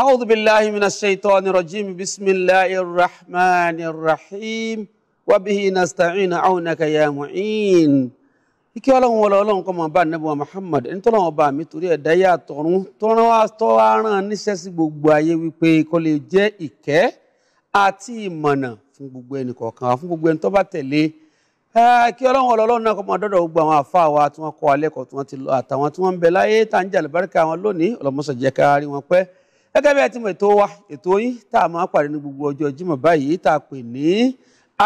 أعوذ بالله من الشيطان الرجيم بسم الله الرحمن الرحيم وبه نستعين عونك يا معين ike ọlọ́run wọlé ọlọ́run kọ́ máa bá nẹ́bù wa Muhammad ẹni tọ́lọ́run ọba mi torí ẹ̀dá yà tọ̀run tọ́run wa tọ́ wa ràn níṣẹ́ sí gbogbo ayé wípé kó lè jẹ́ ìkẹ́ àti ìmọ̀nà fún gbogbo ẹnì kọ̀ọ̀kan fún gbogbo ẹni tó bá tẹ̀lé kí ọlọ́run wọlé ọlọ́run náà kọ́ máa dọ́dọ̀ gbogbo àwọn àfa wa tí wọ́n kọ́ alẹ́kọ̀ọ́ tí wọ́n ti lọ àtàwọn tí wọ́n ń bẹ láyé tá à ń jàlùbáríkà wọn lónìí ọlọ́mọṣẹ́ jẹ́ kárí wọn pẹ́ gẹ́gẹ́ bí ẹ ti mọ̀ ètò wa ètò yín tá a máa pàdé ní gbogbo ọjọ́ Jímọ̀ báyìí tá a pè ní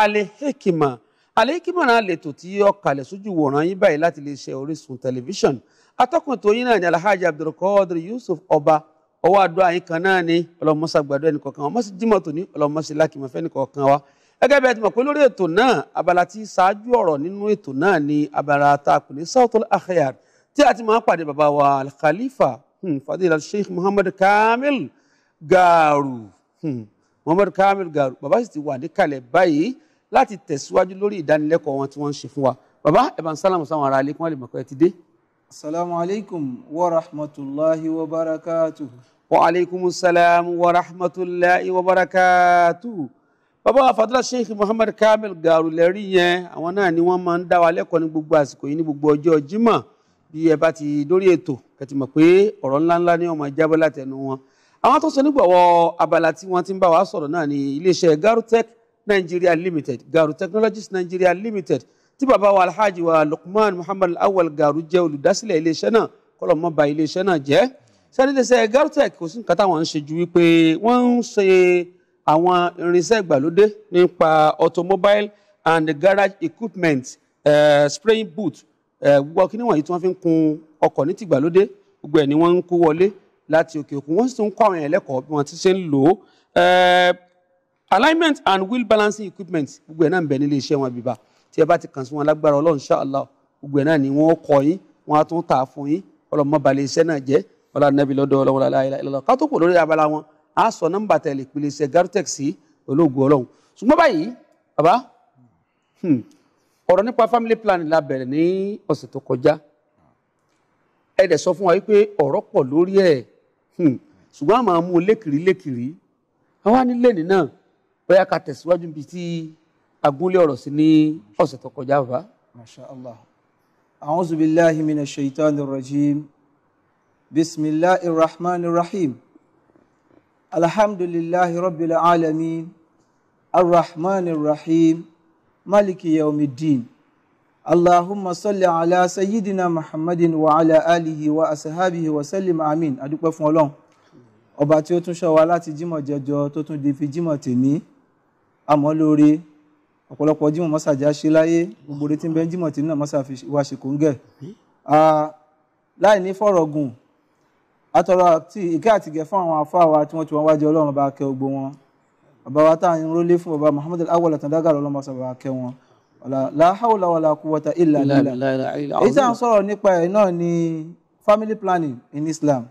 Al-Hikmat Al-Hikmat náà lètò tí ó kalẹ̀ sójú wòran yín báyìí láti iléeṣẹ́ Orísun tẹlifíṣàn atọ́kùn tó yín náà ní Alhaji Abdulkadir Yusuf Ọba ọwọ́ àdúrà yín kan náà ni ọlọ́mọṣà gbàdúrà ẹnì kọ̀ọ̀kan wa mọ́sí Jímọ̀ tòní ọlọ́mọṣì lákìmọ̀fẹ́ ẹnì kọ̀ọ̀kan wa gẹ́gẹ́ bí ẹ ti mọ̀ pé lórí ètò náà abala tí ṣáájú ọ̀rọ̀ nínú ètò náà ni abala tá a pè ní tí a ti máa ń pàdé bàbá wa Khalifa Hmm, fadila sheikh muhammad kamil gaaru hmm, muhammad kamil gaaru bàbá sì ti wà níkàlẹ̀ báyìí láti tẹ̀síwájú lórí ìdánilẹ́kọ̀ọ́ wọn tí wọ́n ń ṣe fún wa bàbá ẹ̀bàn sálàmù sáwọn ará alẹ́kùn alẹ́ mọ̀kọ́ ẹ ti dé. asalaamu alaykum wa rahmatulahi wa barakatuhu. wa aleykum salaam wa rahmatulahi wa barakatuhu. bàbá fadila sheikh muhammad kamil gaaru lẹ́rí yẹn àwọn náà ni wọ́n máa ń dá wa lẹ́kọ̀ọ́ ní gbogbo àsìkò yìí ní gbogbo ọjọ́ jímọ̀ bí kẹtì mọ̀ pé ọ̀rọ̀ ńláńlá ni ó máa jábọ́ látẹnu wọn àwọn tó sọ nígbàwọ́ abala tí wọ́n ti ń bá wa sọ̀rọ̀ náà ni iléeṣẹ́ Garutech Nigeria Limited Garu Technologies Nigeria Limited tí bàbá wa Alhaji wa Lukman Muhammad Awal Garu jẹ́ olùdásílẹ̀ iléeṣẹ́ náà kọ́lọ̀ mọ́ ba iléeṣẹ́ náà jẹ́ sẹ́dídẹ́sẹ́ Garutech kò sí nǹkan táwọn ń ṣe ju wípé wọ́n ń ṣe àwọn irinṣẹ́ ìgbàlódé nípa automobile and garage equipment uh, eh, spraying boot eh, gbogbo uh, kí ni wọ̀nyí tí wọ́n fi ń kun ọkọ̀ ní tìgbàlódé gbogbo ẹ̀ ni wọ́n ń kó wọlé láti òkè òkun wọ́n sì ń kọ́ àwọn èèyàn lẹ́kọ̀ọ́ bí wọ́n ti ṣe ń lò ó eh, alignment and wheel balancing equipment gbogbo ẹ̀ náà ń bẹ nílé iṣẹ́ wọn bíbá tí ẹ bá ti kàn sí wọn lágbára ọlọ́run ṣáàlá gbogbo ẹ̀ náà ni wọ́n kọ́ yín wọ́n á tún tà fún yín ọlọ́run má balẹ̀ iṣẹ́ náà jẹ́ ọlá nàbí lọ́dọ̀ ọlọ́run láìláìlọ́ ká tó kò lórí abala wọn á sọ nọ́mbà tẹ̀lé ìpìlẹ̀ iṣẹ́ hmm, family planning la bẹ̀rẹ̀ ní ọ̀sẹ̀ ẹ dẹ̀ sọ fún wa wípé ọ̀rọ̀ pọ̀ lórí ẹ̀ hmm. ṣùgbọ́n àmọ́ mú lékiri lékiri àwa ní lẹ́nì náà bóyá ká tẹ̀síwájú bíi tí agúnlé ọ̀rọ̀ sí ní ọ̀sẹ̀ tó kọjá wa. masha allah a'udhu billahi minash shaitanir rajim bismillahir rahmanir rahim alhamdulillahi rabbil alamin arrahmanir rahim maliki yawmiddin. Allahumma salli ala sayyidina Muhammadin wa ala alihi wa asahabihi wa sallim amin. Adúpẹ́ fún Ọlọ́run. Ọba tí ó tún ṣọ́ wa láti jímọ̀ jẹjọ tó tún di fi jímọ̀ tèmi. Àmọ́ lóore ọ̀pọ̀lọpọ̀ jímọ̀ mọ́sàjá ṣe láyé gbogbo retí bẹ́ẹ̀ jímọ̀ tèmi náà mọ́sà fi wá ṣe kóńgẹ̀. Láì ní fọ̀rọ̀ gùn, atọ́rọ̀ àti ìkẹ́ àtìgẹ̀ fún àwọn afọ́ tí wọ́n ti wọ́n wájú Ọlọ́run bá kẹ́ gbogbo wọn. Bàbá wa táà ń rólé fún bàbá Muhammad Awal Àtàndágà lọ́lọ́mọsàn bá kẹ́ wọn láhàwùlà wàlà kúwọ́tà ìlà lílà èyí tí à ń sọ̀rọ̀ nípa ẹ̀ náà ni family planning in Islam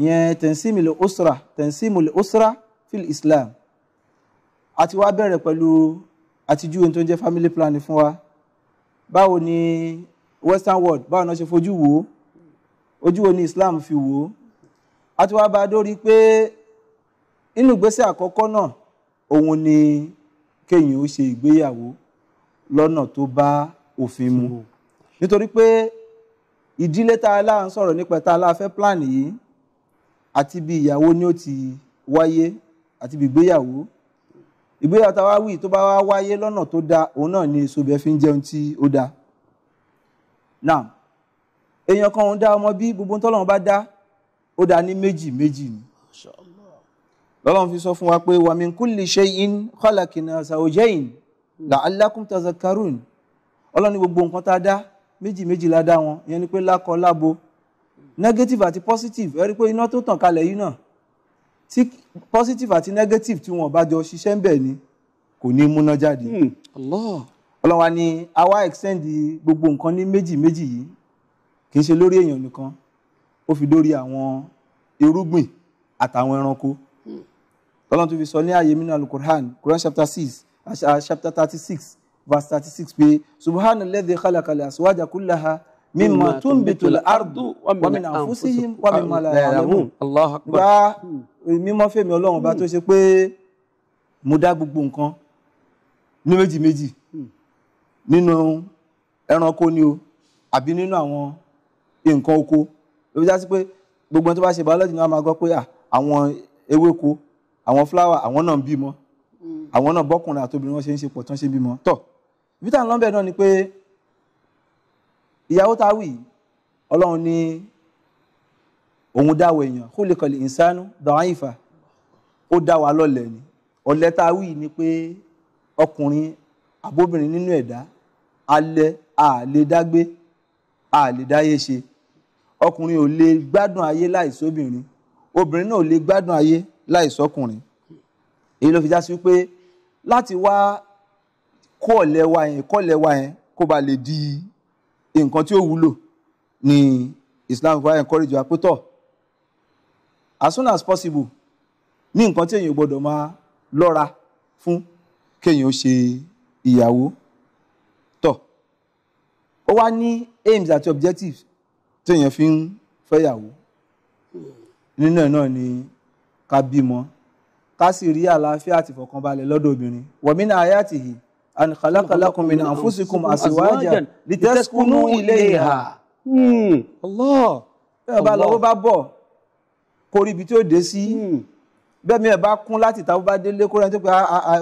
ìyẹn tansimil usra tansimil usra fil Islam àti wá bẹ̀rẹ̀ pẹ̀lú àtijú ohun tó ń jẹ́ family planning fún wa báwo ni western world báwo náà ṣe fojú wò ojú wo ni Islam fi wò ó àti wá bá a dórí pé inú ìgbésẹ̀ àkọ́kọ́ náà òun ni kéèyàn ó ṣe ìgbéyàwó lọ́nà tó bá òfin mu nítorí pé ìdílé tá a lá ń sọ̀rọ̀ nípa tá a lá fẹ́ plan yìí àti bí ìyàwó ni ó ti wáyé àti bí ìgbéyàwó ìgbéyàwó tá a wá wí tó bá wá wáyé lọ́nà tó dáa òun náà ni èso ibẹ̀ fi ń jẹun tí ó dáa now èèyàn kan òun dá ọmọ bí gbogbo tọ́lọ́run bá dá ó dá ní méjì méjì ni lọ́lọ́run fi sọ fún wa pé wa min kulli shay'in khalaqna zawjayn la'allakum tazakkarun ọlọ́ni gbogbo nǹkan tá a dá méjì méjì la dá wọn ìyẹn ni pé lákọ lábo negative àti positive ẹ rí i pé iná tó tàn kalẹ̀ yìí náà tí positive àti negative tí wọn bá jọ ṣiṣẹ́ ń bẹ̀ ni kò ní múná jáde. Hmm. ọlọ́wà ni àwa extend gbogbo nǹkan ní méjì méjì yìí kì í ṣe lórí èèyàn nìkan ó fi dórí àwọn irúgbìn àtàwọn ẹranko. tọ́lọ́n hmm. tó fi sọ ní àyè mínú alukur'an Quran chapter six Ah, chapter thirty six verse thirty six pé subhana alladhi khalaqal aswaja kullaha mimma tunbitul ardu wa min anfusihim wa mimma la ya'lamun. gba eh, mímọ́ fèmí ọlọ́run bá hmm. tó ṣe pé mo dá gbogbo nǹkan ní méjì méjì hmm. nínú ẹranko ni o àbí nínú àwọn nǹkan oko ló fi já sí pé gbogbo tó bá ṣe biology ni wọ́n máa gbọ́ pé ah, àwọn ewéko àwọn flower àwọn náà ń bímọ àwọn náà bọ́kùnrin àtobìnrin wọn ṣe ń ṣe pọ̀ tán ṣe bímọ tọ̀ ibi lọ́nbẹ̀ náà ni pé ìyàwó tá a wì ọlọ́run ní òun dáwọ èèyàn khuliqal insanu da'ifa ó dá wa lọ́lẹ̀ ni ọ̀lẹ tá a wì ni pé ọkùnrin àbóbìnrin nínú ẹ̀dá alẹ́ a lè dágbé a lè dáyé ṣe ọkùnrin ò lè gbádùn ayé láìsóbìnrin obìnrin náà ò lè gbádùn ayé láìsọkùnrin èyí ló fi já sí pé láti wá kọ́ ọ̀lẹ́ wa yẹn kọ́ ọ̀lẹ́ wa yẹn kó ba lè di nǹkan tí ó wúlò ní Islam wa encourage wa pé tọ̀ as soon as possible ní nǹkan tí èèyàn gbọ́dọ̀ máa lọ́ra fún kéèyàn ó ṣe ìyàwó tọ̀ ó wá ní aims àti objectives téèyàn fi ń fẹ́yàwó nínú ẹ̀ náà ni ká bímọ ká sì rí àlàáfíà àti ìfọ̀kànbalẹ̀ lọ́dọ̀ obìnrin wọ̀mí náà ayé àtìhì an khalaqa lakum min anfusikum azwajan litaskunu ilayha. Hmm. bẹ́ẹ̀ bá lọ́wọ́ bá bọ̀ kó rí ibi tí ó dé sí bẹ́ẹ̀ mi ẹ̀ bá kún láti ìta bó bá délé kó rẹ̀ tó pé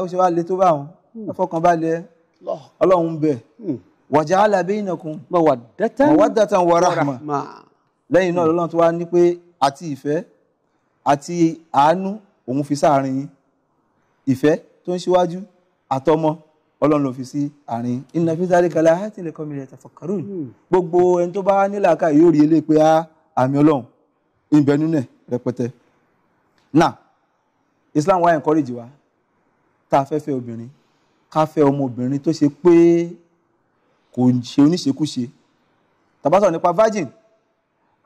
ó ṣe wá le tó bá wọn hmm. ẹ̀fọ́kànbalẹ̀ ọlọ́run ń bẹ hmm. waja'ala bainakum mawaddatan wa rahma lẹ́yìn náà lọ́lọ́run tó wá ní pé àti ìfẹ́ àti àánú òun fi sáàrin yín ìfẹ́ tó ń ṣíwájú àtọmọ ọlọ́run ló fi sí àárín inna fi zalika la ayatin liqawmin yatafakkarun hmm. gbogbo ẹni tó bá nílà ká yóò rí ilé pé ah, àmì ọlọ́run ìbẹ̀ nínú ẹ̀ rẹpẹtẹ. now Islam wa encourage wa tá a fẹ́ fẹ́ obìnrin ká fẹ́ ọmọbìnrin tó ṣe pé kò ṣe oníṣekúṣe tá sọ nípa virgin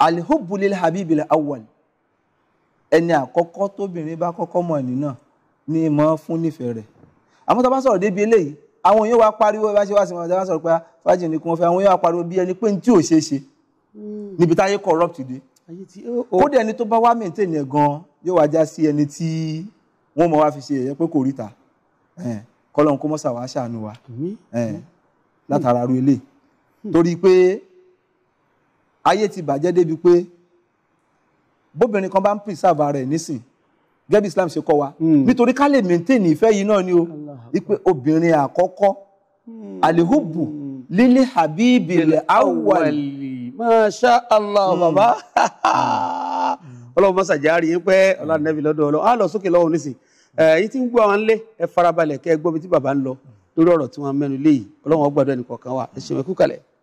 alhubbu lil habibil awwal ẹni àkọ́kọ́ tóbìnrin bá kọ́kọ́ mọ̀ ẹni ni mo fún nífẹ̀ẹ́ rẹ̀ àmọ́ tá a bá sọ̀rọ̀ débi eléyìí àwọn èèyàn wa pariwo bá ṣe wá sí wọn tá a bá sọ̀rọ̀ pé ah, fájì ni kí wọ́n fẹ́ àwọn èèyàn wa pariwo bí ẹni pé ní tí ò ṣeé ṣe hmm. níbi táyé corrupt dé kódà ẹni tó bá wá maintain ẹ̀ gan yóò wá já sí ẹni tí wọ́n mọ̀ wá fi ṣe ẹ̀yẹ pé kò ríta kọ́lọ́n kó mọ́sà wá ṣàánú wa hmm. látara ru eléyìí hmm. torí pé ayé ti bàjẹ́ débi pé bóbìnrin kan bá ń preserve ara nísìn Islam kọ́ wa hmm. nítorí ká lè maintain ìfẹ́ yìí náà o ipe obìnrin àkọ́kọ́ hmm. alihubu lili habibi le awali. baba hmm. yín pẹ́ lọ́dọ̀ ọlọ́ A lọ sókè lọ́wọ́ nísìn èyí tí ń gbọ́ àwọn ẹ farabalẹ̀ kẹ́ ẹ gbọ́ bí tí ń lọ lórí ọ̀rọ̀ wa ẹ